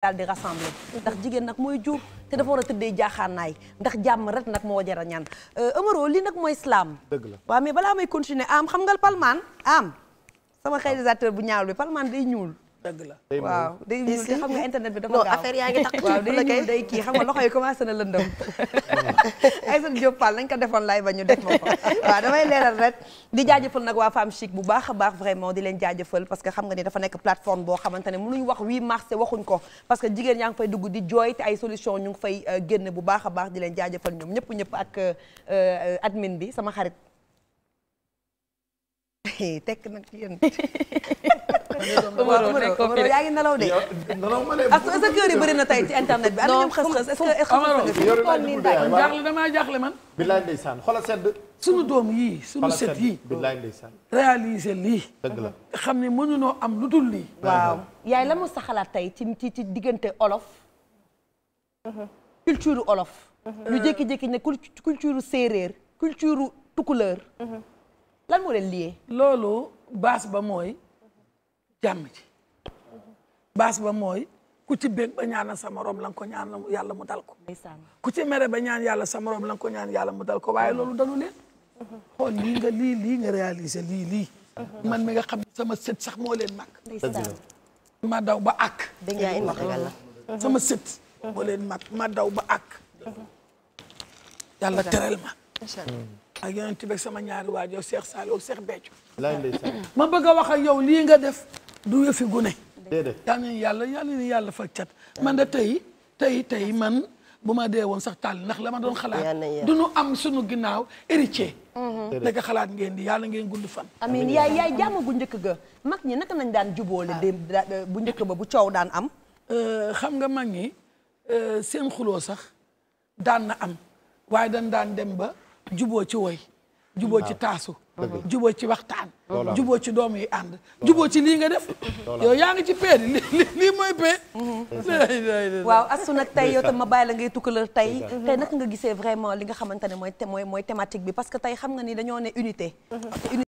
daal di rassembler ndax jigéen nag mooy jur te dafa war a tëddee jaaxaanaay ndax jàmm rek nag moo jara ñaan euh, Amaro li nag mooy slam dëgg la waaw mais balaa may continuer am xam nga palmaan am sama réalisateur bu ñaaw bi palmaan day ñuul dëgg la waaw day ñuul kii xam nga internet bi dafa gaaw affaire yaa ngi tax waaw day kii xam nga loxo yi commencé na lëndëm Aïssatou Diop Fall nañ ko defoon lay ba ñu def ma ko damay leeral rek di jaajëfal nag waa am Chic bu baax a baax vraiment di leen jaajëfal parce que xam nga ni dafa nekk plateforme boo xamante ne mënuñ wax 8 mars waxuñ ko parce que jigéen yaa ngi fay dugg di jooy ay solution ñu ngi fay euh, génn bu baax a baax di leen jaajëfal ñoom ñëpp ñëpp ak euh, admin bi sama xarit tekk nag yéen Omaro nekkoo fi de nelaw de. nelaw ma de sa kër yi bëri na tey ci internet bi. non xas xas est-ce que. Omaro jaaxle damaa jaaxle man. billaay ndeysaan xoolal sedd. sunu doom yii sunu set yii. billaay ndeysaan. réaliser lii. dëgg la xam ne mënuñoo am lu dul waaw yaay la mu saxalaat tey ci ci ci diggante olof. Mhm. culture olof. Mhm. ñu jékki-jékki ne culture séeréer culture tukuleur. Mhm. lan moo leen loolu base ba mooy. jàmm ji baas ba mooy ku ci bég ba ñaanal sa morom la nga ko ñaan yàlla mu dal ko ku ci mere ba ñaan yàlla sa morom la nga ko ñaan yàlla mu dal ko waaye loolu dalu leen xool lii nga lii lii nga réalisé lii lii man mi nga xam sama set sax moo leen mag ma daw ba ak sama sët ma daw ba ak yàlla ma ak yonent bi sama ñaari waajur Cheikh Saliou Cheikh Béthio ma bëgg a wax ak yow lii nga def du yëfi gune déedéet yal nañu yàlla yal nañu yàlla faj cat man de tey tey tey man bu ma dee woon sax tàll ndax la ma doon xalaat du ñu am suñu ginnaaw héritier mm-hmm. dëgg xalaat ngeen di yàlla ngeen gudd fa amiin yaay yaay jàmm gu njëkk ga mag ñi na nañ daan jubóole démb bu njëkk ba bu coow daan am euh, xam nga mag ñi euh, seen xuloo sax daan na am waay dañ daan dem ba juboo ci woy juboo ci taasu juboo ci waxtaan juboo ci doom yi ànd juboo ci lii nga def yow yaa ngi ci pee di li lii mooy pee mm-hmm. waaw astu tey yow tam ma bàyyi la ngay tukkalal tey tey naka nga gisee vraiment li nga xamante ne mooy mooy mooy thématique bi parce que tey xam nga ni dañoo ne unité mm-hmm.